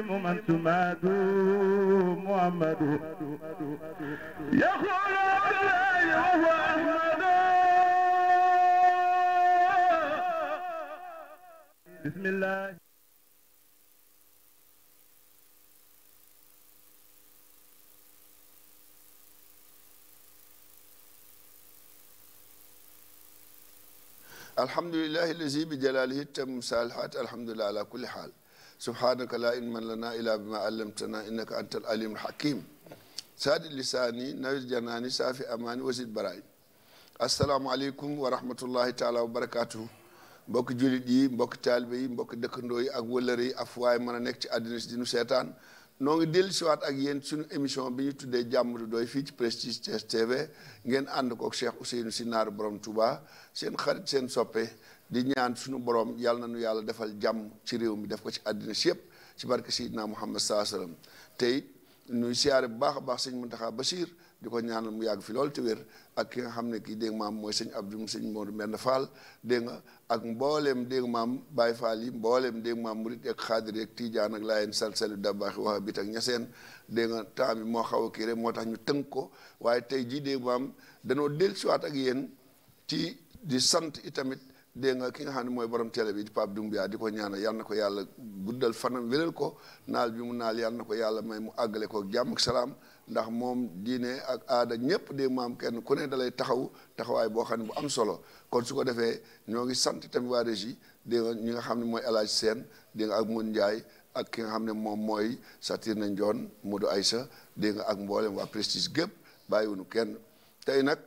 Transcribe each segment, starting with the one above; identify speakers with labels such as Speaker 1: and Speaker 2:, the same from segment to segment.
Speaker 1: من تماد محمد وهو أحمد بسم الله
Speaker 2: الحمد لله الذي بجلاله تم صالحات الحمد لله على كل حال subhanaka la ilma lana illa bima allamtana innaka antal alimul hakim saadi lisaani nawir janaani saafi amaani wasid baraay asalaamaaleykum wa rahmatullahi taala wa barakaatu mbokki jullit yi mbokki taalibe yi mbokki dëkkandoo yi ak wëllëre yi af waaye mën a nekk ci àddina si di nu seetaan noo ngi dellu siwaat ak yéen suñu émission bi ñu tuddee jàmm du fii ci Prestige TV ngeen ànd kook Cheikh Ousseynou Sy Naaru Borom Touba seen xarit seen soppe di ñaan suñu borom yàlla nañu yàlla defal jàmm ci réew mi def ko ci àddina si yëpp ci barke Seydina xam saa sallam te it ñuy siyaare bu baax a baax sëñ ba Bachir di ko ñaan mu yàgg fi loolu te wér ak ki nga xam ne kii dégg maam mooy sëñ Abdou sëñ Modou Mbend Fall dégg nga ak mbooleem dégg maam Baye Fall yi mbooleem dégg maam Murit ak Xaadir ak Tijaan ak Laayeen salsali dabaaxi wahabit ak ñaseen dégg nga temps bi moo xaw a kii moo tax ñu tënk ko waaye tey jii dégg maam danoo dellusiwaat ak yéen ci di sant itamit de nga ki nga xam moy borom télé bi di pap Doumbia di ko ñaan yal na ko guddal fanam wéral ko naal bi mu naal yal na ko may mu àggale ko jamm ak salam ndax mom diiné ak aada ñepp de maam kenn ku ne dalay taxaw taxaway bo xam bu am solo kon suko ko defee ngi sant tam wa régie de nga ñi nga xam moy mooy El Hadj Sène dégg nga ak Moon Ndiaye ak ki nga xam mom moy mooy Satirna Ndione Modou Aïssa de nga ak mboolem wa Prestige gep bayiwunu kenn tay nak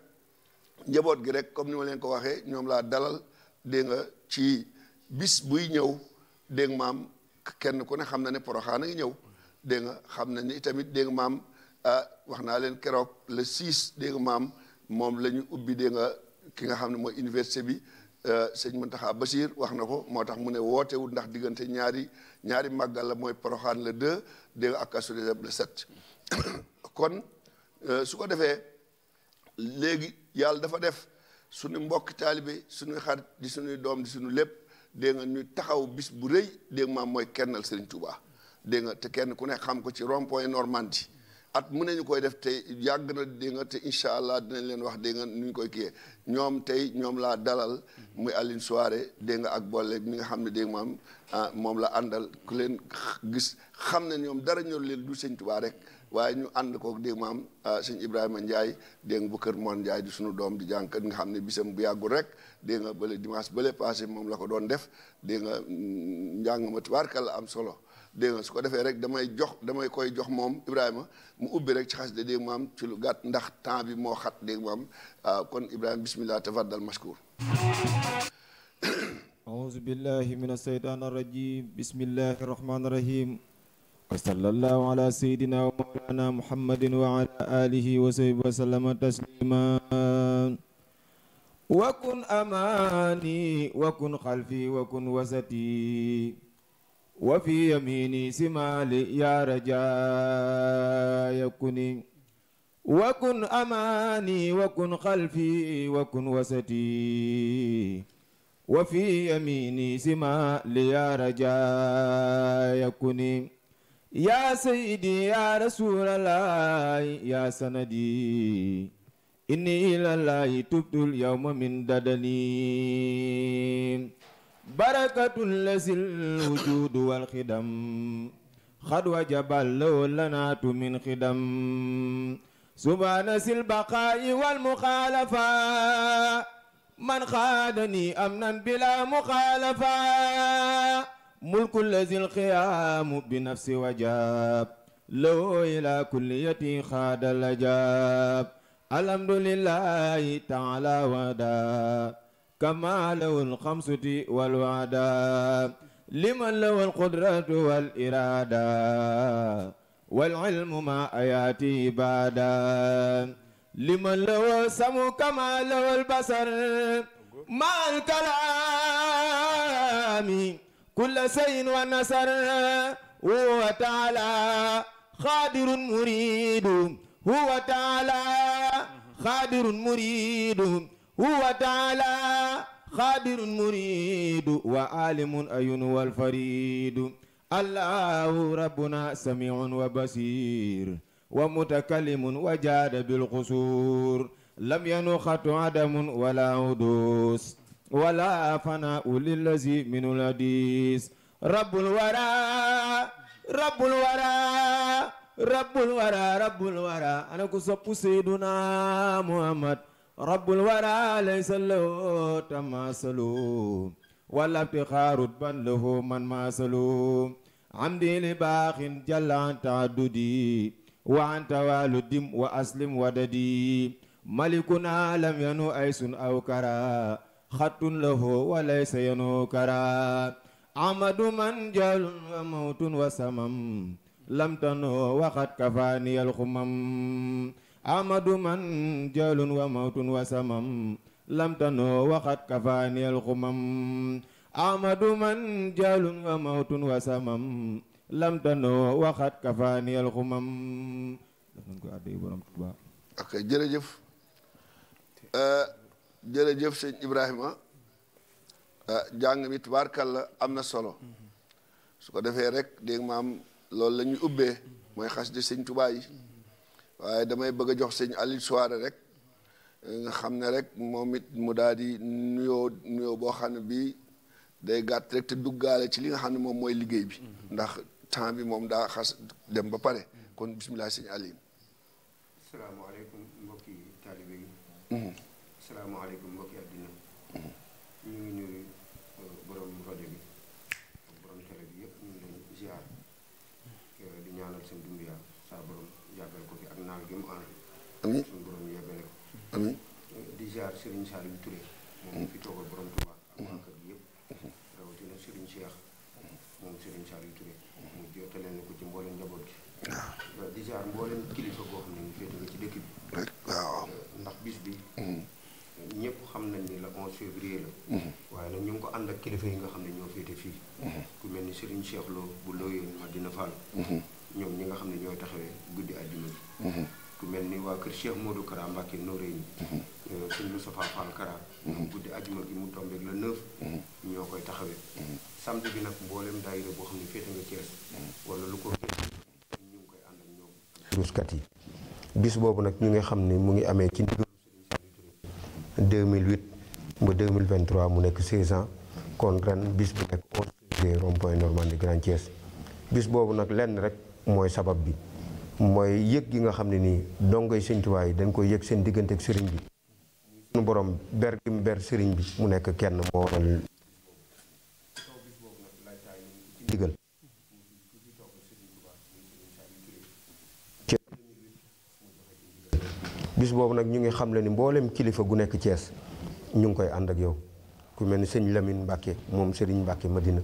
Speaker 2: njabot gi rek comme ni ma len ko waxee ñom la dalal dégg nga ci bis buy ñëw dégg maam kenn ku ne xam na ne poroxaan a ngi ñëw dégg nga xam na ni tamit dégg maam ah, wax naa leen keroog le 6 dégg maam moom la ñu ubbi dégg nga ki nga xam ne mooy université bi ah, mun taxa Bachir wax na ko moo tax mu ne wootewul ndax diggante ñaari ñaari màggal la mooy poroxaan le 2 dégg nga ak Kazu Rajab le kon ah, su ko defee léegi yàlla dafa def suñu mbokk taalibe suñu xarit di suñuy doom di suñu lépp dégg nga ñu taxaw bis bu rëy dégg nga mooy kennal Serigne Touba dégg nga te kenn ku ne xam ko ci rond point Normandie at mu ne ñu koy def tey yàgg na dégg nga te incha allah dinañ leen wax dégg nga nu ñu koy kiyee ñoom tey ñoom laa dalal muy Aline Souaré dégg nga ak boole mi nga xam ne dégg maam ah, moom la àndal ku leen gis xam ne ñoom dara ñor leen du Serigne Touba rek waye ñu and ko di maam ah, seigne Ibrahima ndjay de ngou keur mon ndjay di sunu dom di jank nga xam bisam bu yagu rek de nga bële dimanche bële passé mom la ko doon def de nga mm, njàng ma tubaarkal am solo de nga su ko defee rek damay jox damay koy jox mom Ibrahima mu ubbi rek ci xass de maam ci lu gat ndax temps bi mo xat de maam ah, kon Ibrahima bismillah tafaddal mashkur
Speaker 1: أعوذ بالله من الشيطان الرجيم بسم الله الرحمن الرحيم وصلى الله على سيدنا ومولانا محمد وعلى آله وصحبه وسلم تسليما وكن أماني وكن خلفي وكن وسطي وفي يميني سمالي يا رجاء يكوني وكن أماني وكن خلفي وكن وسطي وفي يميني سمالي يا رجاء يكوني yaa sayyidi yaa rasuulallahi yaa sanadi inni ilallahi tubtul yawma min dadani barakatul lasil wujud wal xidam xad wajabal law lanaatu min xidam subhaana sil baqaa'i wal muxaalafa man xaadani amnan bila muxaalafa ملك الذي القيام بنفس وجاب لو إلى كليتي خاد لجاب الحمد لله تعالى ودا كما له الخمسة والوعدا لمن له القدرة والإرادة والعلم ما آياتي بعدا لمن له السمع كما له البصر مع الكلام كل شيء ونسر هو تعالى خادر مريد هو تعالى خادر مريد هو تعالى خادر مريد وعالم أين والفريد الله ربنا سميع وبصير ومتكلم وجاد بالقصور لم ينخط عدم ولا هدوس ولا فناء للذي من الحديث رب الورى رب الورى رب الورى رب الورى أنا كسب سيدنا محمد رب الورى ليس له تماثل ولا ابتخار بل له من ماثل عمدي لباخ جل عن تعددي وعن توالد وأسلم وددي ملكنا لم ينو أيس أو كرا خط له وليس ينكرا عمد من جال وموت وسمم لم تنه وقد كفاني الخمم عمد من جال وموت وسمم لم تنه وقد كفاني الخمم عمد من جال وموت وسمم lam tanoo waxat kafaaniyal xumam daf nañ ko àddee borom Tuubaa
Speaker 2: ok jërëjëf jërëjëf sëñ Ibrahima ah, jàng mi la am na solo su ko defee rek dégg maam loolu lañuy ñuy ubbee mooy xas di sëñ Tuubaa waaye damay bëgg a jox sëñ Aliou Souare rek nga xam ne rek moom it mu daal di nuyoo nuyoo boo xam ne bii day gàtt rek te duggaale ci li nga xam ne moom mooy liggéey bi ndax temps bi moom daa xas dem ba pare kon bisimilah sëñ Aliou.
Speaker 3: salaamaaleykum mbokki àddina ñu ngi nuyu uh, borom rajo bi ak borom télé bi yëpp ñu ngi leen ziar di ñaanal seen dund yaa gi mu ànd. amiin suñu borom yàggale ko. Uh, di ziar Serigne Saliou Touré. moom fi toogal borom Touba. ak waa kër gi yëpp. rawatina Serigne Cheikh. moom Serigne Saliou Touré. mu jotale na ko ci mboolem njaboot gi. di ziar mboolem kilifa goo xam ne ñu féete nga ci dëkk bi. février la. Mhm. waaye nag ñu ngi ko ànd ak kilifa yi nga xam ne ñoo féete fii. Mhm. ku mel ni Serigne Cheikh Lo bu Loyenne Madina Fall. Mhm. ñoom ñi nga xam ne ñooy taxawee guddi ku mel ni waa kër Cheikh Modou Kara Mbacke Noreyni. Euh, suñu Moustapha Fall Kara. guddi àjjuma bi mu koy taxawee. samedi bi nag mboolem daayira boo xam ne féete nga Thiès. wala lu ko féete ñu ngi koy ànd ak ñoom. ruskat yi bis boobu nag ñu ngi xam ne mu ngi amee ci ndigal. seize kon ren bis bu nekk onze février rond point Grand Thiès bis boobu nag lenn rek mooy sabab bi mooy yëg gi nga xam ne nii dongoy Sëñ Tuubaa yi dañ koy yëg seen diggante ak sëriñ bi suñu sëriñ bi mu nekk kenn moo waral digal bis boobu nag ñu ngi xam le ni mboolem kilifa gu nekk Thiès ñu ngi koy ànd ak yow ku mel ni sëñ Lamine Mbacke moom Serigne Mbacke Madina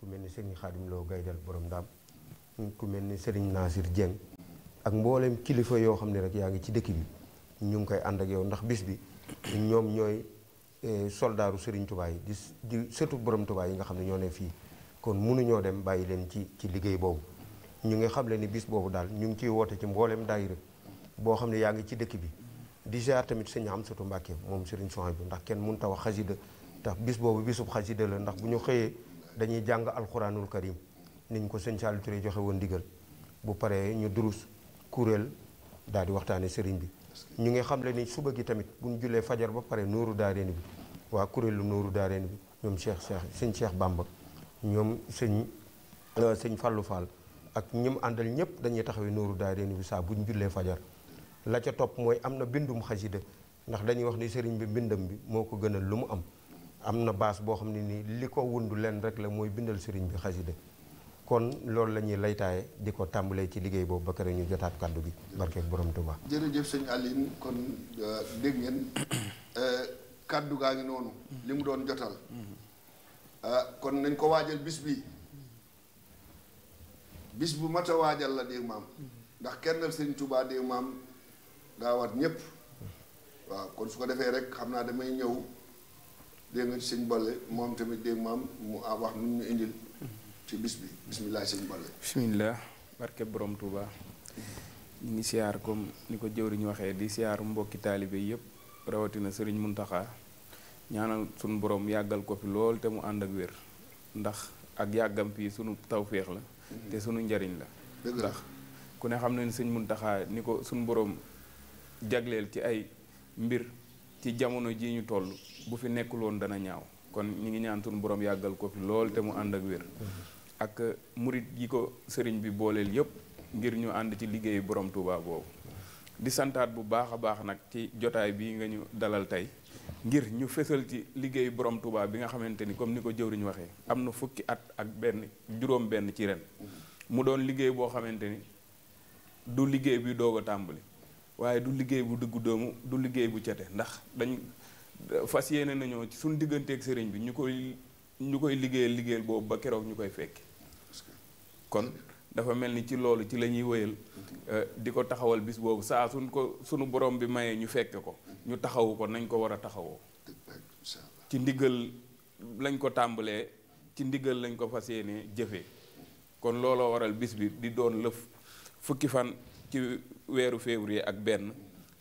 Speaker 3: ku mel ni sëriñ Xaadim gay Gaydal borom daam ku mel ni Serigne Nasir Dieng ak mboolem kilifa yoo xam ne rek yaa ngi ci dëkk bi ñu ngi koy ànd ndax bis bi ñoom ñooy eh, soldaaru Serigne Touba yi di di sëtu yi nga xam ne ñoo ne fii kon mënuñoo dem bàyyi leen ci ci liggéey boobu ñu ngi xam le ni bis boobu ñu ngi ciy woote ci mboolem daayira boo xam ne yaa ngi ci dëkk bi di ziar tamit sëñ am Amsatu Mbàkke moom Serigne Sohaibou ndax kenn mënut a wax xasida tax bis boobu bisub xasida la ndax bu ñu xëyee dañuy jàng alxuraanul karim niñ ko sëñ Saliou joxe woon ndigal bu paree ñu durus kuréel daal di waxtaane sëriñ bi ñu ngi xam le ni suba gi tamit bu ñu jullee fajar ba pare nuuru daareeni bi waa kuréelu nuuru daareeni bi ñoom Cheikh Cheikh sëñ Cheikh Bamba ñoom sëñ euh, sëñ Fallou ak ñi àndal ñëpp dañuy taxawee nuuru daareeni bi saa bu ñu jullee fajar la ca topp mooy am na bindum xasida ndax dañuy wax ni sëriñ bi mbindam bi moo ko gënal lu mu am am na baas boo xam ne nii li ko wundu leen rek la mooy bindal sëriñ bi xasida kon loolu la ñuy laytaaye di ko tàmbalee ci liggéey boobu ba kër ñu jotaat kàddu gi barkeeg borom Tuuba.
Speaker 2: jërëjëf sëñ Aline kon euh, dégg ngeen euh, kàddu gaa ngi noonu. doon jotal. Euh, kon nañ ko waajal bis bi bis bu mat a waajal la dégg maam. ndax kenn sëñ tubaa dégg maam gaawaat ñëpp waaw kon su ko defee rek xam naa damay ñëw. dégg nga sëñ Bolle moom tamit dégg maam mu wax nu ñu indil ci bis bi bisimilah sëñ Bolle.
Speaker 4: bisimilah barke borom Touba. ñu ngi siyaar comme ni ko jëwriñ waxee di siyaar mbokki taalibe yëpp rawatina sëriñ Muntaxa ñaanal sunu borom yàggal ko fi lool te mu ànd ak wér ndax ak yàggam fii sunu tawféex la. te sunu njariñ la. ndax ku ne xam na ne sëñ Muntaxa ni ko sunu boroom jagleel ci ay mbir. ci jamono ji ñu toll bu fi nekkul woon dana ñaaw kon ñi ngi ñaantu suñu borom yàggal ko fi lool te mu ànd ak wér mm-hmm. ak euh, murit yi ko sëriñ bi booleel yépp ngir ñu ànd ci liggéey borom Touba boobu di santaat bu baax a baax nag ci jotaay bi nga ñu dalal tey ngir ñu fësal ci liggéeyu borom Touba bi nga xamante ni comme ni ko jëwriñ waxee am na fukki at ak benn juróom benn ci ren mm-hmm. mu doon liggéey boo xamante ni du liggéey bi doog a tàmbali waaye du liggéey bu dëggu doomu du liggéey bu cete ndax dañ fas yéene nañoo ci suñ digganteek sëriñ bi ñu koy ñu koy liggéeyal liggéeyal boobu ba keroog ñu koy fekki kon dafa mel ni ci loolu ci lañuy ñuy wéyal euh, di ko taxawal bis boobu saa suñ ko suñu borom bi maye ñu fekk ko ñu taxawu ko nañ ko war a taxawoo ci ndigal lañ ko tàmbalee ci ndigal lañ ko fas yéene jëfe kon looloo waral bis bi di doon lëf fukki fan ci wéru février ak nyuko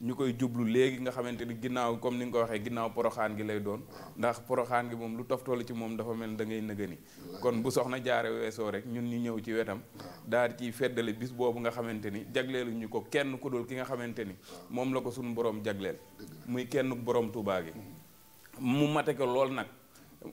Speaker 4: ñukoy djublu légui nga xamanteni ginnaw comme ni nga ko ginnaw poroxane gi lay doon ndax poroxane gi mom lu toftoolu ci mom dafa mel da ngay neugani kon bu soxna jaaré wéso rek ñun ñi ñew ci wétam daal ci fédalé bis bobu nga xamanteni jaglélu ñuko kenn ku dul ki nga xamanteni mom la ko suñu borom jaglél muy kenn borom Touba gi mu maté ko lol nak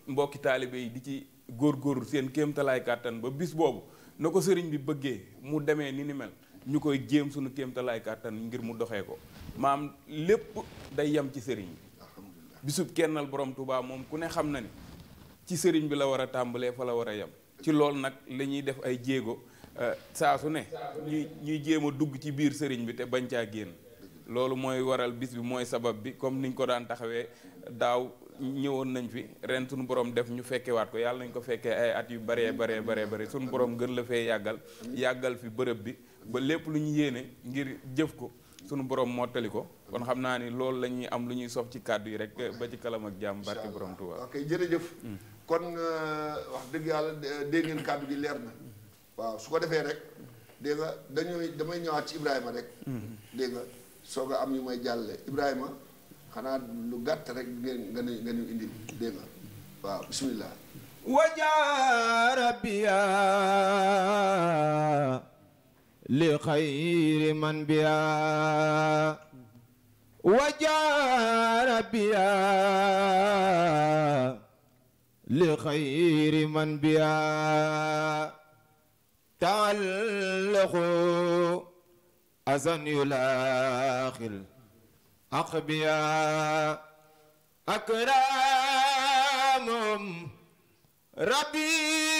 Speaker 4: mbokki talibé yi di ci gor seen kemtalay katan ba bis bobu nako ko sëriñ bi bëggé mu démé ni ni mel ñu koy jéem suñu kéemtalaay kàttan ngir mu doxe ko maam lépp day yem ci sëriñ bi bisub kennal borom tubaab moom ku ne xam na ni ci sëriñ bi la war a tàmbalee fa la war a yem ci loolu nag lañuy def ay jéego euh, saa su ne ñuy ñuy jéem a dugg ci biir sëriñ bi te bañ caa génn loolu mooy waral bis bi mooy sabab bi comme niñ ko daan taxawee daaw ñëwoon nañ fi ren suñu borom def ñu fekkewaat ko yàlla nañ ko fekkee ay at yu baree baree bare bare suñu borom gën la fee yàggal yàggal fi bërëb bi ba lépp lu ñu yéene ngir jëf ko sunu boroom mottali ko kon xam naa ni loolu la ñuy am lu ñuy sof ci kàddu yi rek ba ci kalam ak jàmm barke borom Tuubaa ok jërëjëf mm.
Speaker 2: kon euh, wax dëgg yàlla dégg ngeen kàddu gi leer na waaw su ko defee rek dégg nga dañuy damay ñëwaat ci Ibrahima rek mm-hmm. dégg nga soog a am yu may jàlle Ibrahima xanaa lu gàtt rek ngeen nga indi dégg nga waaw bismillah
Speaker 1: waja لخير من بها وجار بها لخير من بها تعلق أزن يلاخل أقبيا أكرام ربي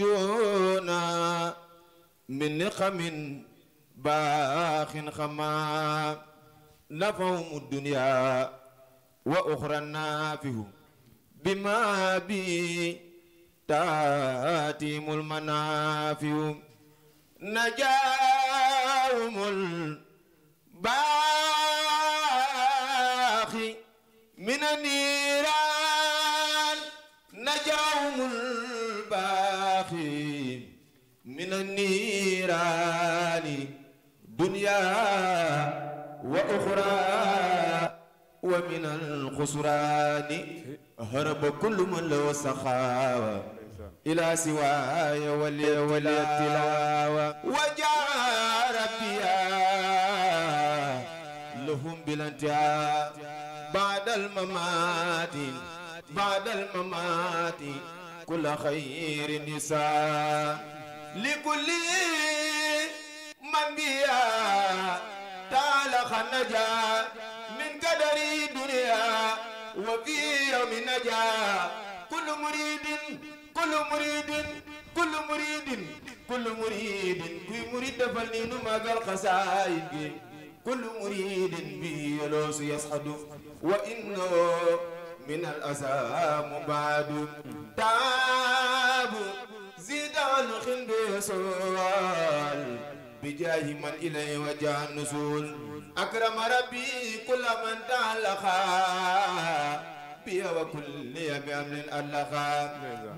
Speaker 1: نجونا من نخم باخ خما نفهم الدنيا وأخرى نافه بما بي تاتيم المنافع نجاهم الباخ من النيل من النيران دنيا وأخرى ومن الخسران هرب كل من لو سخاوة إلى سواي ولي ولي التلاوة وجاء ربيا لهم بالانتهاء بعد الممات بعد الممات كل خير نساء لكل من بيا تعالى خنجا من قدر الدنيا وفي يوم نجا كل مريد كل مريد كل مريد كل مريد كل مريد فلنين ما قال قصائد كل مريد بيلوس يصعد وإنه من الأسى مبعد تعب زيدان عن خنبسوال بجاه من إليه وجاء النزول أكرم ربي كل من تعلقا بيا وكل بأمر ألقا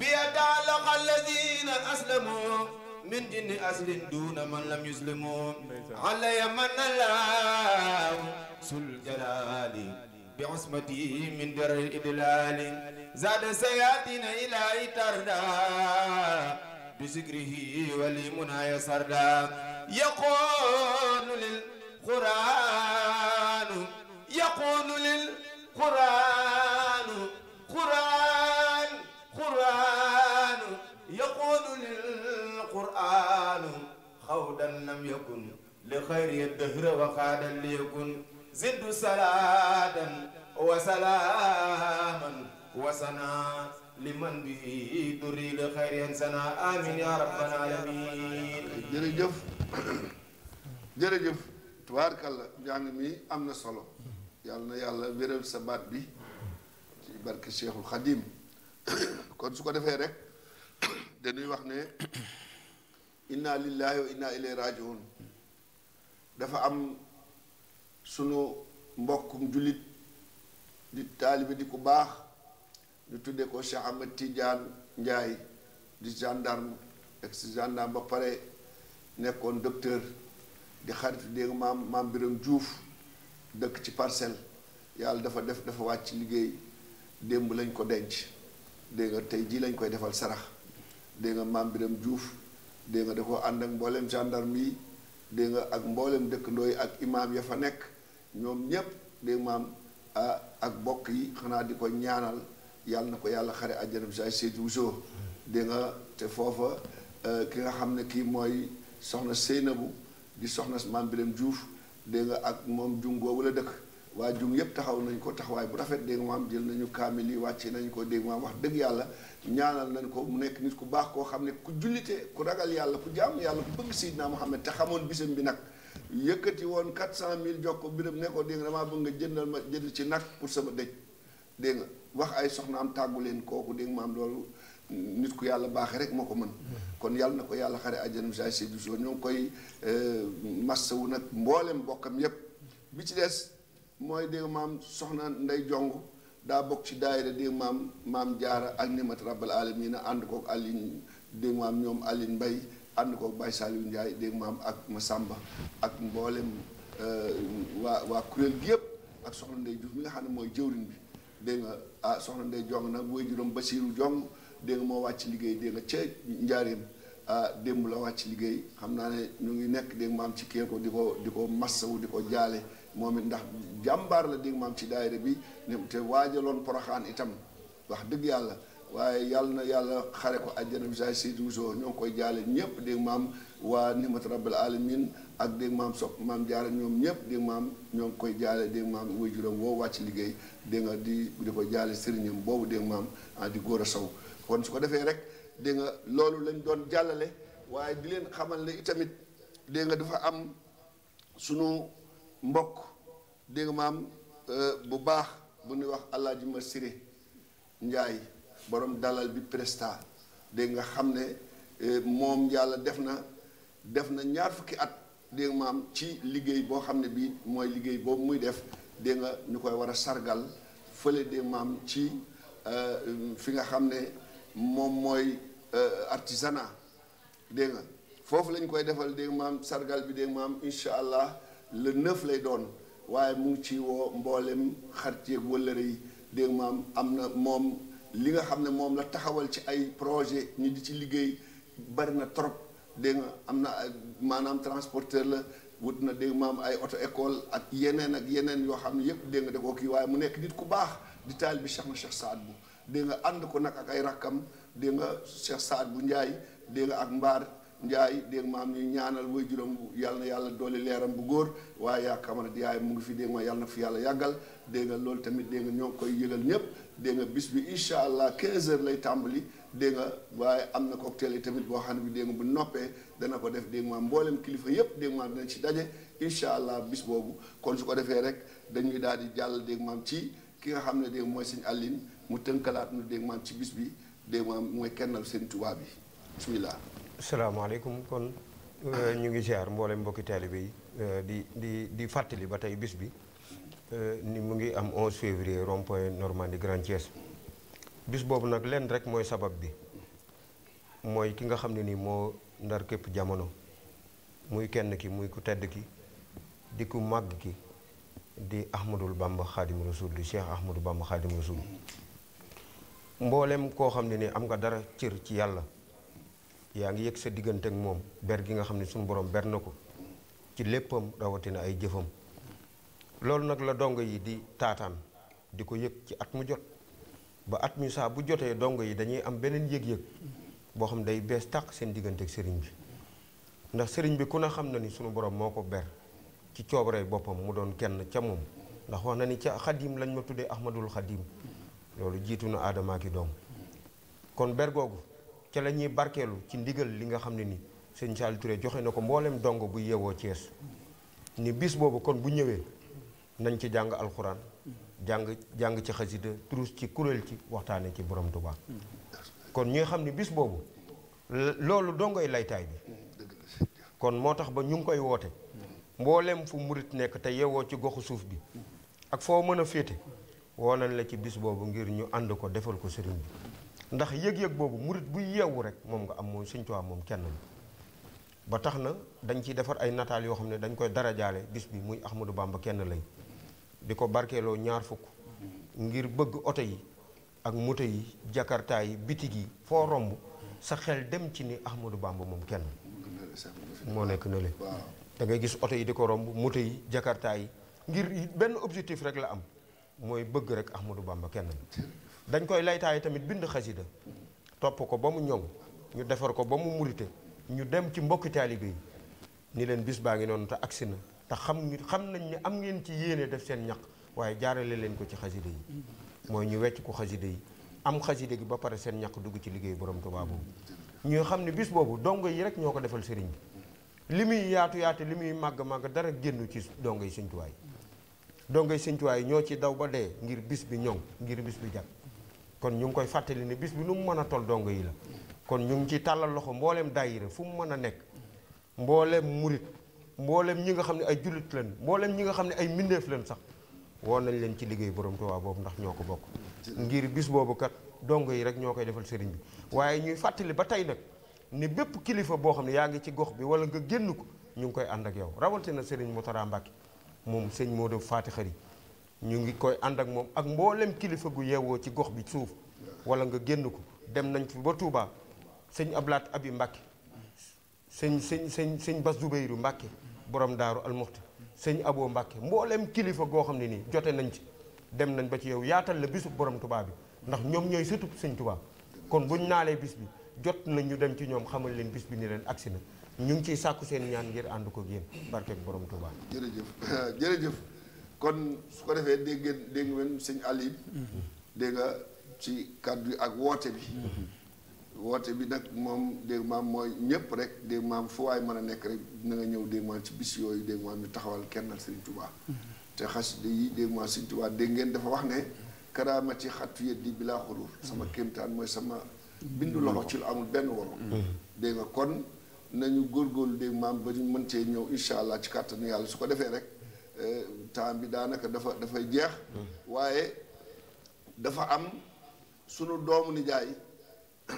Speaker 1: بيا تعلق الذين أسلموا من جن أسل دون من لم يسلموا علي من الله سل جلالي بعصمتي من در الإدلال زاد سياتين إلى إتردا بذكره ولمنا يسردا يقول للقرآن يقول للقرآن قرآن قرآن يقول للقرآن خودا لم يكن لخير الدهر وخادا ليكن زد سلادا وسلاما وسنا لمن به دري لخير سنا آمين يا رب العالمين
Speaker 2: jërëjëf jërëjëf tubaarkàlla njàng mi am na solo yàlla na yàlla wéral sa baat bi ci barke Cheikhul Khadim kon su ko defee rek dañuy wax ne inna lillahi inna ilayhi rajiun dafa am sunu mbokkum jullit di taalibe di ku baax ñu tuddee ko Cheikh Ahmed Tidiane Ndiaye di gendarme ex gendarme ba pare nekkoon docteur di xarit dégg maam maam Biram juuf dëkk ci parcelle yàlla dafa def dafa wàcc liggéey démb lañ ko denc dégg nga tey jii lañ koy defal sarax dégg nga maam Biram juuf dégg nga da ko ànd ak mboolem gendarme yi dégg nga ak mboolem dëkkandoo yi ak imaam ya fa nekk ñoom ñépp dégg maam ah, ak bokk yi xanaa di ko ñaanal yàlla na ko yàlla xare àjjana bi saay Seydou Sow dégg nga te foofa euh, ki nga xam ne kii mooy soxna bu di soxna maam Birame Diouf dégg nga ak moom jung googu la dëkk waa jung yëpp taxaw nañ ko taxawaay bu rafet dégg nga maam jël nañu kaamil yi wàcce nañ ko dégg nga maam wax dëgg yàlla ñaanal nañ ko mu nekk nit ku baax koo xam ne ku jullite ku ragal yàlla ku jaam yàlla ku bëgg xam ne te xamoon bisam bi nag yëkkati woon 400000 jox ko Birame ne ko dégg nga damaa bëgg nga jëndal ma jënd ci nag pour sama dëj dégg nga wax ay soxnaam tàggu leen kooku dégg nga maam loolu nit ku yàlla baax rek moo ko mën kon yàlla na ko yàlla xare àjjana Moussa Seydou Sow ñoo ngi koy euh, wu nag mboolem bokkam yépp bi ci des mooy dégg maam soxna nday jong daa bokk ci daayira dégg maam maam jaara ak nimat ñi na ànd kook Aline dégg maam ñoom Aline Mbay ànd kook Baye Saliou Ndiaye dégg maam ak ma Masamba ak mboolem euh, waa waa kuréel gi yépp ak soxna nday Diouf mi nga xam ne mooy jëwriñ dégg nga ah soxna Ndeye Jong nag woy juróom Basiiru Jong dégg nga moo wàcc liggéey dégg nga ca njaareem ah démb la wàcc liggéey xam naa ne ñu ngi nekk dégg maam ci kee ko di ko di ko massawu di ko jaale moom it ndax jàmbaar la dégg maam ci dayre bi te waajaloon poroxaan itam wax dëgg yàlla waaye yàlla na yàlla xare ko àjjana bi saa Seydou Sow ñoo ngi koy jaale ñëpp dégg maam waa nimat rabbil alamin ak deg maam sok maam jaar ñom ñep deg maam ñong koy jaale dégg maam waajuram wo wacc liggey de nga di di ko jaale sëriñam bobu deg maam ah di góor saw kon su ko rek de nga loolu lañ doon jallale waye di leen xamal itamit de nga dafa am sunu mbokk deg mam maam euh, bu baax bu ñuy wax ma njaay borom dalal bi presta de nga xamne euh, mom yalla defna defna ñaar fukki at dégg maam ci liggéey boo xam ne bii mooy liggéey boobu muy def dégg ñu koy war a sargal fële dégg maam ci euh, fi nga xam ne moom mooy euh, artisanat dégg nga foofu lañ koy defal dégg maam sargal bi dégg maam incha allah le neuf lay doon waaye mu ngi ci woo mboolem xarit yeeg wëllëre yi dégg maam am na moom li nga xam ne moom la taxawal ci ay projet ñu di ci liggéey bari na trop dégg am na ay maanaam transporteur la wut na dégg maam ay auto école ak yeneen ak yeneen yoo xam ne yëpp dégg nga da koo kii waaye mu nekk nit ku baax di taal bi Cheikh na Cheikh Saad bu dégg ànd ko nag ak ay rakkam dégg nga Cheikh Saad bu Ndiaye dégg ak mbaar Ndiaye dégg ma ñaanal way juróom yàlla na yàlla doole leeram bu góor waaye yaa Kamara Ndiaye mu ngi fi dégg ma yàlla na fi yàlla yàggal dégg loolu tamit dégg nga ñoo ngi koy yëgal ñëpp dégg bis bi incha allah 15 heures tàmbali dégg nga waaye am na cocktail yi tamit boo xam ne bi dégg bu noppee dana ko def dégg ma mboolem kilifa yëpp dégg ma ci daje incha allah bis boobu kon su ko defee rek dañuy daal di jàll dégg ma ci ki nga xam ne dégg mooy sëñ Aline mu tënkalaat nu dégg ma ci bis bi dégg mooy kennal sëñ Tuubaa bi bismillah
Speaker 3: Assalamualaikum kon eh, ñu ngi ziar mbolé mbokki talibé yi eh, di di di fatali ba tey bis bi eh, ni mu ngi am 11 février rond point Normandie Grand Thiès bis bobu nak lenn rek moy sabab bi moy ki nga xamni ni mo ndar kep jamono muy kenn ki muy ku tedd ki di ku mag ki di Ahmadul Bamba khadim rasoul di Cheikh ahmadul Bamba khadim rasoul mbolem ko xamni ni am nga dara ciir ci yalla yaa ngi yëg sa diggante ak moom ber gi nga xam ne suñu borom ber na ko ci léppam rawatina ay jëfam loolu nag la dongo yi di taataan di ko yëg ci at mu jot ba at mi saa bu jotee dongo yi dañuy am beneen yëg-yëg boo xam ne day bees tàq seen diggante ak sëriñ bi ndax sëriñ bi ku ne xam na ni sunu borom moo ko ber ci coobaree boppam mu doon kenn ca moom ndax wax na ni ca xadim lañ ma tuddee ahmadul xadim loolu jiitu na aadama ki doom kon ber googu ca la ñuy barkeelu ci ndigal li nga xam ne ni sëñ Saliou joxe na ko mbooleem dong buy yeewoo cees ni bis boobu kon bu ñëwee nañ ci jàng alxuraan jàng jàng ci xasida turus ci kuréel ci waxtaane ci borom Tuubaa kon ñi xam ne bis boobu loolu dongoy laytaay bi kon moo tax ba ñu ngi koy woote mboolem fu murit nekk te yeewoo ci goxu suuf bi ak foo mën a féete woo nañ la ci bis boobu ngir ñu ànd ko defal ko sëriñ bi ndax yëg-yëg boobu murit buy yeewu rek moom nga am mooy Sëñ moom kenn ba tax na dañ ciy defar ay nataal yoo xam ne dañ koy darajaale gis bi muy Ahmadou Bamba kenn lañ di ko barkeeloo ñaar fukk ngir bëgg oto yi ak moto yi jakarta yi bitig yi foo romb sa xel dem ci ni Ahmadou Bamba moom kenn moo nekk na le gis oto yi di ko romb moto yi jakarta yi ngir benn objectif rek la am mooy bëgg rek Ahmadou Bamba kenn dañ koy laytaay tamit bind xasida topp ko ba mu ñoŋ ñu defar ko ba mu murite ñu dem ci mbokki taalibe yi ni leen bis baa ngi noonu te agsi na te xam ni xam nañ ne am ngeen ci yéene def seen ñaq waaye jaarale leen ko ci xasida yi mooy ñu wecc ko xasida yi am xasida gi ba pare seen ñaq dugg ci liggéey borom Tuubaa boobu ñuy xam ne bis boobu dongo yi rek ñoo ko defal sëriñ bi li muy yaatu yaatu li muy màgg màgg dara génn ci dongo yi Sëriñ Tuubaa yi ñoo ci daw ba dee ngir bis bi ñoŋ ngir bis bi jag kon ñu ngi koy fàttali ne bis bi nu mu mën a toll dong yi la kon ñu ngi ci tàllal loxo mbooleem daayira fu mu mën a nekk mbooleem murit mbooleem ñi nga xam ne ay jullit lañ mbooleem ñi nga xam ne ay mbindeef lañ sax woon nañ leen ci liggéey borom Tuubaa boobu ndax ñoo ko bokk ngir bis boobu kat dong yi rek ñoo koy defal sëriñ bi waaye ñuy fàttali ba tey nag ni bépp kilifa boo xam ne yaa ngi ci gox bi wala nga génn ko ñu ngi koy ànd ak yow rawatina sëriñ Moutara Mbacke moom sëñ Modou Fati Xari ñu ngi koy ànd ak moom ak mboolem kilifa gu yewoo ci gox bi suuf wala nga génn ko dem nañ fi ba Touba sëñ Ablaat Abi Mbàkke sëñ sëñ sëñ sëñ Bas Zubeyru Mbàkke borom daaru almuxti sëñ Aboo Mbàkke mboolem kilifa goo xam ne nii jote nañ ci dem nañ ba ci yow yaatal la bisu borom tubaab yi ndax ñoom ñooy sëtu sëñ Touba kon buñ naalee bis bi jot nañ ñu dem ci ñoom xamal leen bis bi ni leen agsi na ñu ngi ciy sàkku seen ñaan ngir ànd ko yéen barkeeg borom Touba.
Speaker 2: jërëjëf jërëjëf. kon su ko defee dégg ngeen dégg ngeen sëñ Aliou dégg nga ci kàddu yi ak woote bi woote bi nag moom dégg maam mooy ñëpp rek dégg maam fu waay mën a nekk rek na nga ñëw dégg maam ci bis yooyu dégg maam ñu taxawal kennal Serigne Touba te xas yi dégg maam Serigne Touba dégg ngeen dafa wax ne karaamati xattu yet di bilaa xulur sama kéemtaan mooy sama bindu loxo ci lu amul benn woro dégg nga kon nañu góor dégg maam ba ñu mën cee ñëw incha allah ci kàttanu yàlla su ko defee rek Euh, temps bi daanaka dafa dafay jeex waaye dafa am sunu doomu nijaay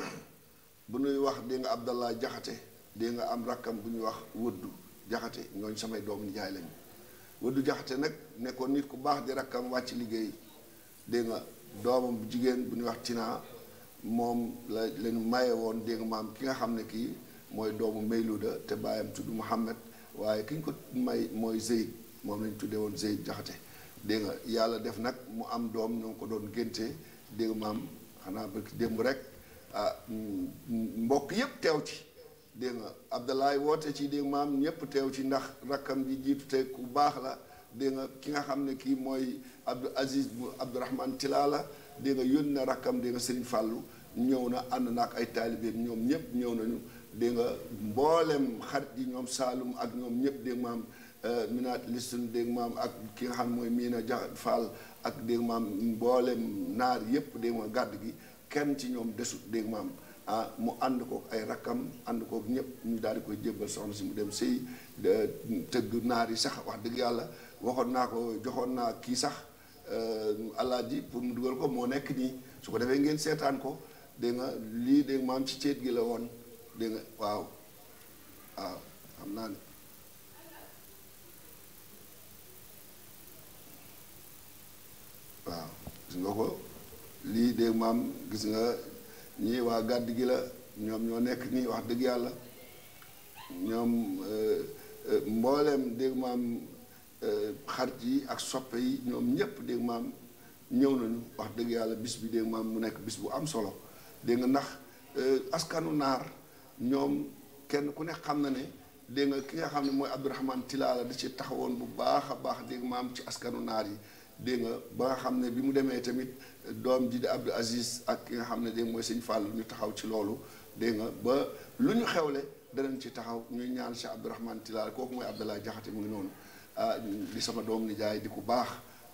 Speaker 2: bu nuy wax dégg nga Abdallah Jaxate dégg am rakkam bu ñuy wax wëddu jaxate ñooñ samay doomu nijaay lañu wëddu jaxate nag nekkoon nit ku baax di rakkam wàcc liggéey dégg nga doomam bu jigéen bu ñuy wax Tina moom la lañu maye woon dégg maam ki nga xam ne kii mooy doomu Meyluda te baayam tudd Muhammad waaye ki ñu ko may mooy Zeyd moom lañ tuddee woon Zeyd Jaxate dégg nga yàlla def nag mu am doom ñu ko doon génte dégg maam xanaa ba démb rek ah mbokk yëpp teew ci dégg nga Abdoulaye woote ci dégg maam ñëpp teew ci ndax rakkam ji jiitu te ku baax la dégg ki nga xam ne kii mooy Abdou Aziz bu Abdourahman Tilala la dégg nga yónni na rakkam dégg nga fàllu ñëw na ànd na ak ay taalibeem ñoom ñëpp ñëw nañu dégg nga mboolem xarit yi ñoom Saalum ak ñoom ñëpp dégg maam Euh, minaat listun dégg maam ak ki nga xam mooy miina ja faal ak dégg maam mboolem naar yépp dégg maam gàdd gi kenn ci ñoom desu dégg maam ah, mu ànd kook ay rakkam ànd kook ñépp ñu daal di koy jébbal soxna si mu dem sëy tëgg naar yi sax wax dëgg yàlla waxoon naa ko joxoon naa kii sax euh, alaaji pour mu dugal ko moo nekk nii su ko defee ngeen seetaan ko dégg nga lii dégg maam ci céet gi la woon dégg nga waaw waaw xam naa ne nga ko lii de maam gis nga ñii waa gàdd gi la ñoom ñoo nekk nii wax dëgg yàlla ñoom euh, euh, mbooleem dégg maam euh, xarit ak soppe yi ñoom ñépp dégg maam ñëw nañu wax dëgg yàlla bis bi dégg maam mu nekk bis bu am solo dégg nga ndax askanu naar ñoom kenn ku nekk xam na ni dégg nga ki nga xam ne mooy Abdourahmane Tilala da ci taxawoon bu baax a baax dégg maam ci askanu naar yi dégg nga ba nga xam ne bi mu demee tamit doom ji di Abdou Aziz ak ki nga xam ne dégg mooy sëñ Fall ñu taxaw ci loolu dégg nga ba lu ñu xewle danañ ci taxaw ñuy ñaan si Abdourahmane Tilal kooku mooy Abdallah Jaxate mu ngi noonu ah di sama doom ni jaay di ku baax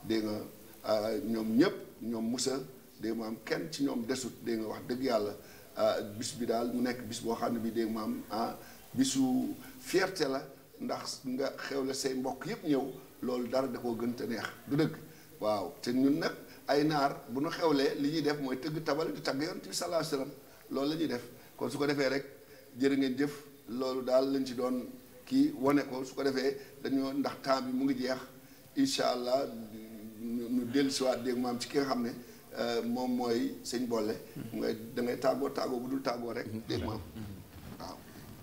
Speaker 2: dégg nga ah, ñoom ñëpp ñoom Moussa dégg nga maam kenn ci ñoom desut dégg nga wax dëgg yàlla ah, bis bi daal mu nekk bis boo xam ne bi dégg nga ah bisu fierté la ndax nga xewle say mbokk yëpp ñëw loolu dara da koo gën te neex du dëkk waaw te ñun nag ay naar bu nu xewlee li ñuy def mooy tëgg tabal di tagg yonent bi sallallahu loolu la ñuy def kon su ko defee rek jërë ngeen jëf loolu daal lañ ci doon kii wane ko su ko defee dañoo ndax temps bi mu ngi jeex incha allah ñu dellusiwaat dégg maam ci ki nga xam ne euh, moom mooy sëñ boole. Mm-hmm. ngay da ngay tàggoo tàggoo bu dul tàggoo rek mm-hmm. dégg maam.
Speaker 4: Mm-hmm.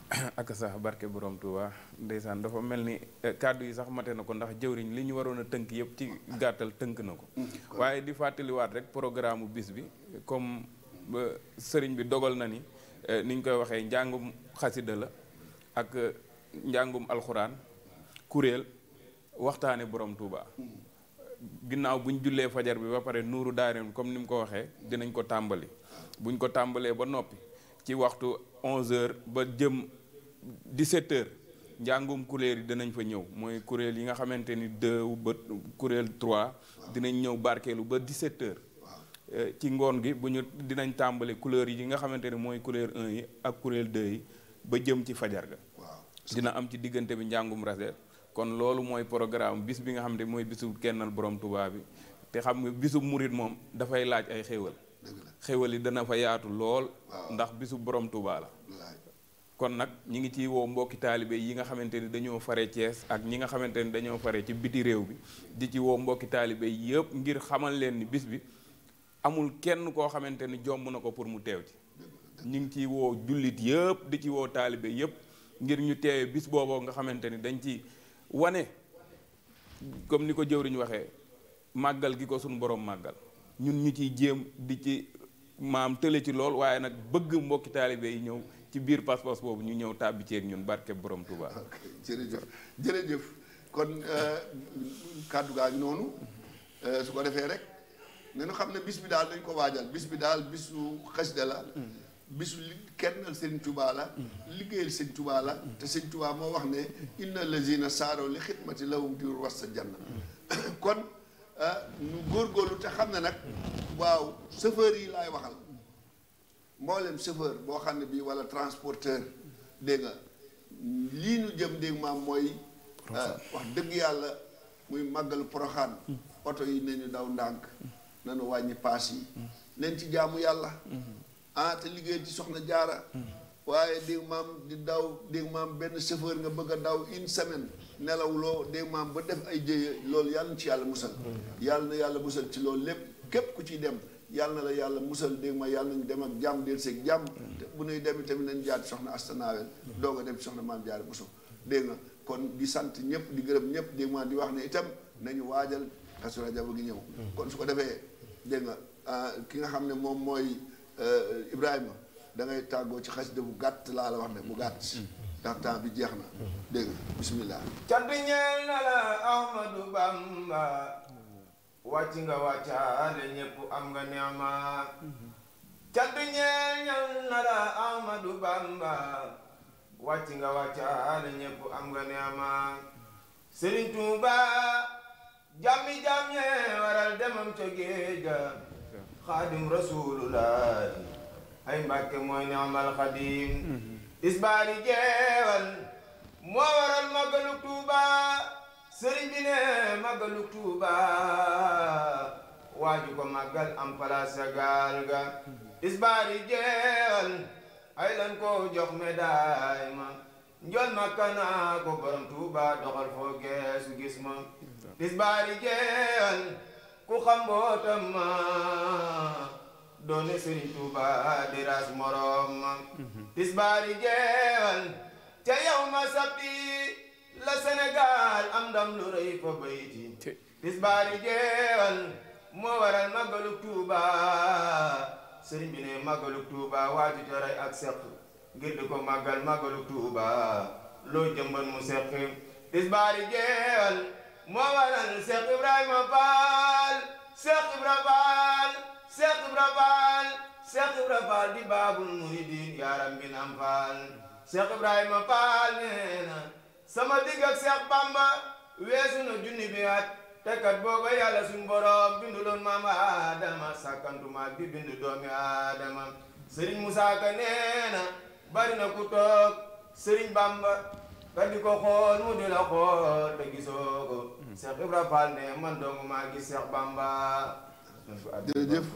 Speaker 4: ak sax barke borom Touba ndeysaan dafa mel ni eh, kàddu yi sax mate na ko ndax jëwriñ li ñu waroon a tënk yëpp ci gàttal tënk na ko mm, waaye di fàttaliwaat rek programme bis bi comme sëriñ bi dogal na ni eh, ni ñu koy waxee njàngum xasida la ak eh, njàngum alxuraan kuréel waxtaane borom Touba ginnaaw bu ñu jullee fajar bi ba pare nuuru daareen comme ni mu ko waxee dinañ ko tàmbali buñ ko tàmbalee ba noppi ci waxtu 11h ba jëm 17h njàngum kuréel yi danañ fa ñëw mooy kuréel yi nga xamante ni 2 ba kuréel 3 dinañ ñëw barkeelu ba 17h. Euh, ci ngoon gi bu ñu dinañ tàmbali couleur yi nga xamante ni mooy couleur 1 yi ak kuréel 2 yi ba jëm ci fajar ga. dina am ci diggante bi njàngum raseer kon loolu mooy programme bis bi nga xam ne mooy bisu kennal borom tubaab bi te xam nga bisu murit moom dafay laaj ay xéewal xéwal yi dana fa yaatu lool ndax bisu borom Touba kon nag ñi ngi ciy woo mbokki taalibe yi nga xamante ni dañoo fare Thiès ak ñi nga xamante ni dañoo fare ci biti réew bi di ci woo mbokki taalibe yëpp ngir xamal leen ni bis bi amul kenn koo xamante ni jomb na ko pour mu teew ci ñu ngi ciy woo jullit yëpp di ci woo taalibe yëpp ngir ñu teewee bis booboo nga xamante ni dañ ci wane comme ni ko jëwriñ waxee màggal gi ko suñu borom màggal ñun ñu ci jéem di ci maam tële ci lool waaye nag bëgg mbokki taalibe yi ñëw ci biir pas-pas boobu ñu ñëw tàbbi ceeg ñun barke borom Touba. jërëjëf
Speaker 2: jërëjëf kon euh, kàddu kaa ngi noonu euh, su ko defee rek nañu xam ne bis bi daal dañ ko waajal bis bi daal bisu xasida la. bisu li kennal sëñ la liggéeyal sëñ Touba la te sëñ Touba moo wax ne inna lazina saaro li xidmati la diur was sa janna kon góor ah, góorgóorlu te xam ne nag waaw chauffeur yi laay waxal mboolem chauffeur boo xam ne bii wala transporteur dégg nga lii ñu jëm dégg maam mooy ah, wax dëgg yàlla muy màggalu poroxaan oto yi nañu daw ndànk nañu wàññi paas yi leen ci jaamu yàlla ah, te liggéey ci soxna jaara mm. waaye dégg maam di daw dégg maam benn chauffeur nga bëgg a daw une semaine loo des maam ba def ay jéye loolu yàlla na ci yàlla musal yàlla na yàlla musal ci loolu lépp képp ku ciy dem yàlla na la yàlla musal dégg ma yàlla nañu dem ak jàmm del seeg jàmm te bu dem tamit nañ jaar soxna Asta doog a dem soxna maam jaar Bousso dégg nga kon di sant ñëpp di gërëm ñëpp dégg di wax ne itam nañu waajal Kazu Rajab gi ñëw kon su ko defee dégg nga ah, ki nga xam ne moom mooy eh, Ibrahima da ngay tàggoo ci xasida bu gàtt laa la wax ne mu gàtt ndax temps bi jeex na bismillah cant ñeel na la ahmadu bamba
Speaker 1: wàcc nga wàccaale ñépp am nga neema cant na la ahmadu bamba wàcc nga wàccaale ñépp am nga neema sëriñ tuuba jàmmi jàmm waral demam ca géeja xaadim rasulullahi ay mbàkke mooy neemal xadim isbaari jeewal moo waral màggalu Tuuba sëriñ bi ne màggalu Tuuba waaju ko màggal am palaas a ga isbaari jeewal ay lan ko jox médaille ma njool makka naa ko borom Tuuba doxal foo geesu gis ma isbaari jeewal ku xam mbootam ma doone sëriñ Tuuba di ras moroom tisbaari jeewal ca yow ma sabti la Sénégal am ndam lu rëy fa bayti tisbaari jeewal moo waral màggalu Tuuba sëriñ bi ne màggalu Tuuba waaju joray ak seq ngir di ko màggal màggalu Tuuba loo jëmban mu seq tisbaari jeewal moo waral Seex Ibrahima Faal Seex Ibrahima Faal Seex Ibra Faal Seex Ibra Faal di baabul muridiin yaaram bi naam faal Seex Ibrahima Faal nee na sama digg ak Seex Bamba weesu na junni bi at te kat booba yàlla binduloon maama Adama sàkkantuma bi bind doomi Adama Sëriñ Musaa Ka bari na ku toog Sëriñ Bamba ka di ko xool mu di la xool te gisoo ko Seex Ibra man dong
Speaker 2: maa gis Seex Bamba jërëjëf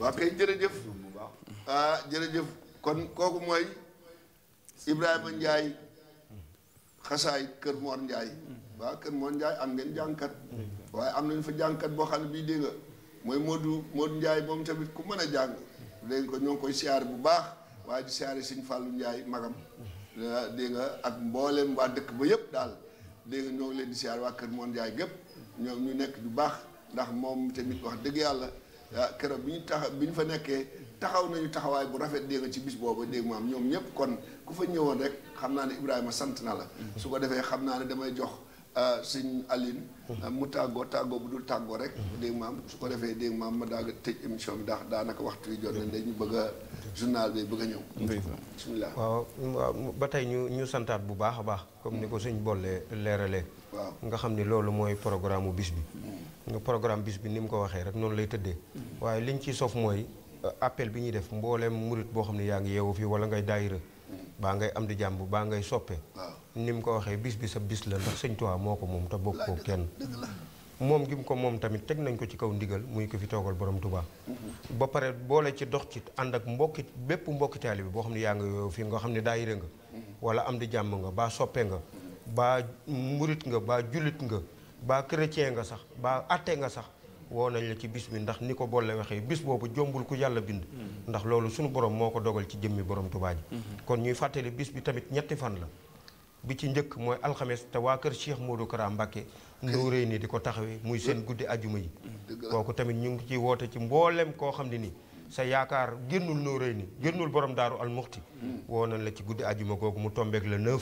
Speaker 2: waa kay jërëjëf ah jërëjëf kon kooku mooy Ibrahima Ndiaye xasaay Kër Mor Ndiaye waa Kër Mor Ndiaye am ngeen jànkat waaye am nañu fa jànkat boo xam ne bii dégg mooy Modou Modou njaay moom tamit ku mën a jàng léegi ko ñoo koy siyaar bu baax waaye di siyaare siñ Fallou Ndiaye magam ah, dénga nga ak mbooleem waa dëkk ba yëpp daal dégg nga ñoo leen di siyaar waa Kër Mor Ndiaye gépp ñoom ñu nekk bu baax ndax moom tamit wax dëgg yàlla ah, keroog bi ñu tax bi ñu fa nekkee taxaw nañu taxawaay bu rafet dégg nga ci bis boobu dégg maam ñoom ñëpp kon ku fa ñëwoon rek xam naa ne Ibrahima sant na la. Mm-hmm. su ko defee xam naa ne damay jox ah, sëñ Aline. Ah, mu tàggoo tàggoo bu dul tàggoo rek. Mm-hmm. dégg maam su ko defee dégg maam ma daal tëj émission bi ndax daanaka waxtu yi jot dañu bëgg a mm-hmm. journal bi bëgg a ñëw. bisimilah
Speaker 3: waaw waaw ba tey ñu ñu santaat bu baax a baax. comme ni ko suñ boolee leeralee. waaw nga xam ni loolu mooy programme bis bi. nga programme bis bi ni mu ko waxee rek noonu lay tëddee mm-hmm. waaye liñ ci sof mooy euh, appel bi ñuy def mbooleem murit boo xam ne yaa ngi yeewu fii wala ngay daayira mm-hmm. baa ngay am di jàmb baa ngay soppe ni mu ko waxee bis bi sa bis la sëñ Tuubaa moo ko moom te bokk kenn moom gi ko moom tamit teg nañ ko ci kaw ndigal muy ko fi toogal borom Tuubaa mm-hmm. ba pare boole ci dox ci ànd ak mbokki bépp mbokki taalibe boo xam ne yaa ngi yeewu fii nga xam ne daayira nga wala am di jàmm nga baa soppe nga baa murit nga baa jullit nga baa chrétien nga sax baa atte nga sax woo nañ la ci bis bi ndax ni ko boole waxee bis boobu jombul ku yàlla bind mm-hmm. ndax loolu suñu borom moo ko dogal ci jëmmi borom Tuubaa mm-hmm. kon ñuy fàttali bis bi tamit ñetti fan la bi ci njëkk mooy alxames te waa kër Cheikh karaa Kara Mbacke ndóoree nii di ko taxawee muy seen guddi ajuma yi mm-hmm. kooku tamit ñu ngi ciy woote ci mboolem koo xam ne nii sa yaakaar génnul nóoree ni génnul borom daaru almuxti woo nañ la ci guddi ajuma googu mu tombeek le 9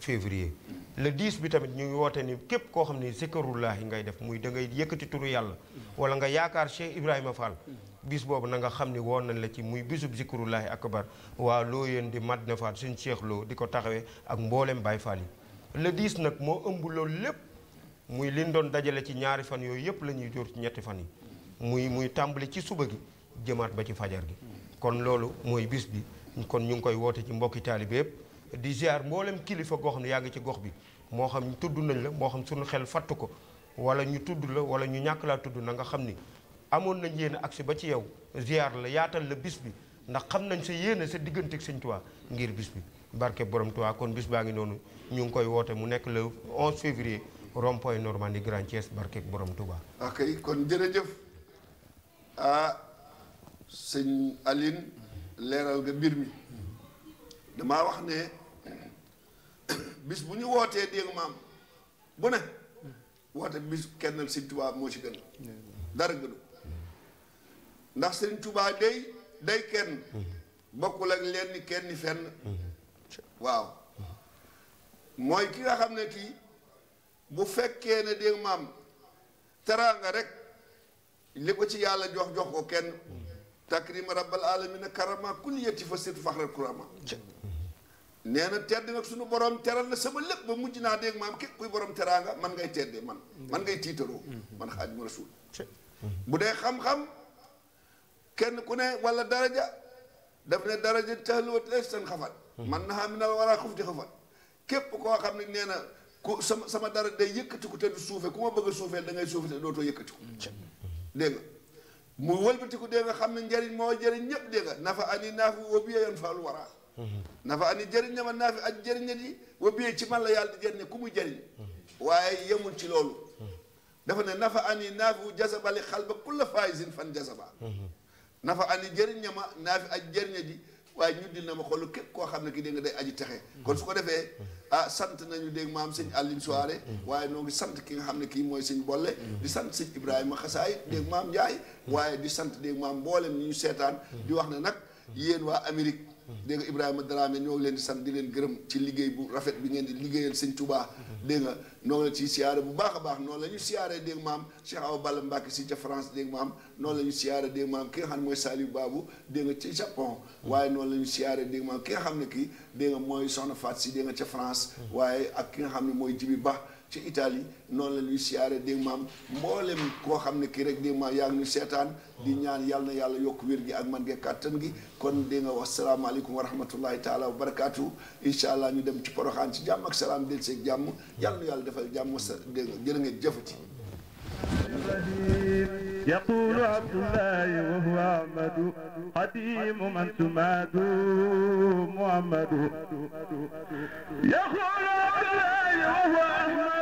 Speaker 3: février le 10 bi tamit ñu ngi woote ni képp koo xam ne zikrullahi ngay def muy dangay ngay yëkkati turu yàlla wala nga yaakaar Cheikh Ibrahima Fall bis boobu na nga xam ni woon nañ la ci muy bisub ak akbar waa loo yéen di Madina Fall suñ Cheikh Lo di ko taxawee ak mboolem Baye Fall yi le 10 nag moo ëmb loolu lépp muy leen doon dajale ci ñaari fan yooyu yëpp la ñuy jóor ci ñetti fan yi muy muy tàmbali ci suba gi jëmaat ba ci fajar gi kon loolu mooy bis kon ñu ngi koy woote ci mbokki taalibe yëpp di ziar mboolem kilifa goo xam ne yaa ngi ci gox bi moo xam ñu tudd nañ la moo xam suñu xel fàttu ko wala ñu tudd la wala ñu ñàkk laa tudd na nga xam ni amoon nañ yéen agsi ba ci yow ziar la yaatal la bis bi ndax xam nañ sa yéene sa diggante ak sëñ Tuubaa ngir bis bi barke borom Tuubaa kon bis baa ngi noonu ñu ngi koy woote mu nekk le 11 février rond-point Normandie Grand Thiès barke borom Tuubaa
Speaker 2: ok kon jërëjëf ah sëñ Aline leeral nga mbir mi damaa wax bis bu ñu wootee dégg maam bu ne woote bis kennal sëñ Tuubaa moo ci gën dara gënu ndax seen Tuubaa day day kenn bokkul ak lenn kenn fenn waaw mooy ki nga xam ne kii bu fekkee ne dégg maam teraanga rek li ko ci yàlla jox jox ko kenn takrim rabbal alamin karama kulliyati fa sirtu faxra kurama nee na tedd nag suñu borom teral na sama lépp ba mujj naa dégg maam képp kuy borom teraanga man ngay teddee man mm. man ngay tiitaroo man Xaadimu Rasuul bu dee xam kenn ku ne wala daraja daf ne daraja tahluwat lay seen xafat mm. man na xam ne war a xuf di képp koo xam ne nee na ku sama sama dara day yëkkatiku te suufe ku ma bëgg a suufee da ngay suufe te dootoo yëkkatiku dégg xam ne njariñ moo jëriñ ñëpp dégg nafa ani naafu wa nafa ani jëriñ na ma naa fi ak jëriñat yi wa ci man yàlla di jëriñ ku muy jëriñ waaye yemul ci loolu dafa ne nafa ani naafiwu jasabali xal ba kulla faisin fan jasaba nafa ani jëriñ na ma naa fi ak jëriñat yi waaye ñu dil na ma xool képp koo xam ne ki dégg nga day aji texe kon su ko defee ah sant nañu dégg maam sëñ Alioune Souaré waaye noo ngi sant ki nga xam ne kii mooy sëñ Bolle di sant sëñ Ibrahima Xasaay dégg maam Njaay waaye di sant dégg maam mboolem ñu seetaan di wax ne nag yéen waa Amérique dégg nga Ibrahima Dramé ñoo ngi leen di sant di leen gërëm ci liggéey bu rafet bi ngeen di liggéeyal sëñ Touba dégg nga noonu la ciy siyaare bu baax a baax noonu la ñu siyaare dégg maam Cheikh Awa Balla Mbacke si ca France dégg maam noonu la ñu siyaare dégg maam ki nga xam ne mooy Saliou Babou dégg nga ci Japon waaye noonu la ñu siyaare dégg maam ki nga xam ne kii dégg nga mooy Soxna Faat si dégg nga ca France waaye ak ki nga xam ne mooy Jibi Ba ci Italie noonu la ñuy siyaare dégg maam mboolem koo xam ne kii rek dégg maam yaa ngi seetaan di ñaan yàlla na yàlla yokk wér gi ak man ge kàttan gi kon dégg nga wasalaamaaleykum wa rahmatullahi taala wa barakaatu incha allah ñu dem ci poroxaan ci jàmm ak salaam del seeg jàmm yàlla na yàlla defal jàmm sa dégg nga jërë ngeen jëfati
Speaker 1: يقول عبد